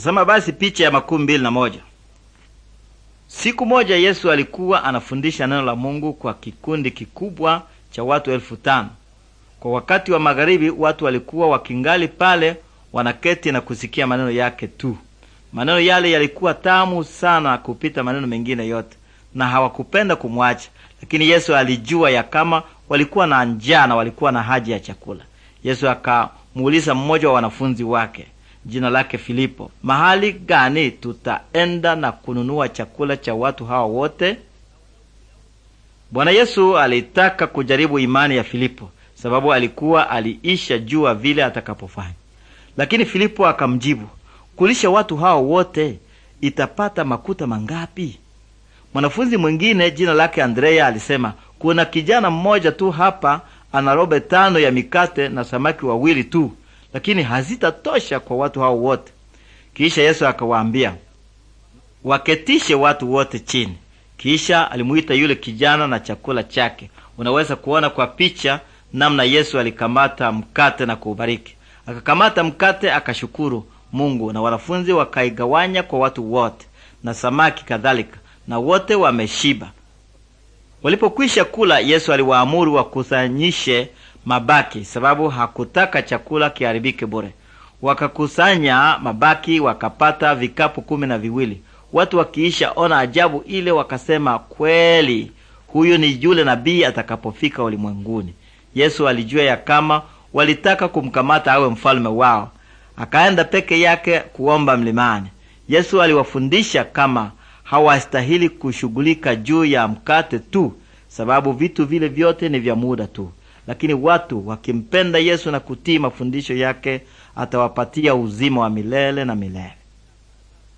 Tazama basi picha ya makumi mbili na moja. Siku moja Yesu alikuwa anafundisha neno la Mungu kwa kikundi kikubwa cha watu elfu tano. Kwa wakati wa magharibi, watu walikuwa wakingali pale wanaketi na kusikia maneno yake tu. Maneno yale yalikuwa tamu sana kupita maneno mengine yote, na hawakupenda kumwacha. Lakini Yesu alijua ya kama walikuwa na njaa na walikuwa na haja ya chakula. Yesu akamuuliza mmoja wa wanafunzi wake, jina lake Filipo. Mahali gani tutaenda na kununua chakula cha watu hawa wote? Bwana Yesu alitaka kujaribu imani ya Filipo, sababu alikuwa aliisha jua vile atakapofanya. Lakini Filipo akamjibu, kulisha watu hao wote itapata makuta mangapi? Mwanafunzi mwingine jina lake Andrea alisema, kuna kijana mmoja tu hapa ana robe tano ya mikate na samaki wawili tu lakini hazitatosha kwa watu hao wote. Kisha Yesu akawaambia waketishe watu wote chini. Kisha alimuita yule kijana na chakula chake. Unaweza kuona kwa picha namna Yesu alikamata mkate na kuubariki. Akakamata mkate akashukuru Mungu, na wanafunzi wakaigawanya kwa watu wote, na samaki kadhalika, na wote wameshiba. Walipokwisha kula, Yesu aliwaamuru wakusanyishe mabaki, sababu hakutaka chakula kiharibike bure. Wakakusanya mabaki, wakapata vikapu kumi na viwili. Watu wakiisha ona ajabu ile, wakasema kweli, huyu ni yule nabii atakapofika ulimwenguni. Yesu alijua ya kama walitaka kumkamata awe mfalme wao, akaenda peke yake kuomba mlimani. Yesu aliwafundisha kama hawastahili kushughulika juu ya mkate tu, sababu vitu vile vyote ni vya muda tu lakini watu wakimpenda Yesu na kutii mafundisho yake, atawapatia uzima wa milele na milele.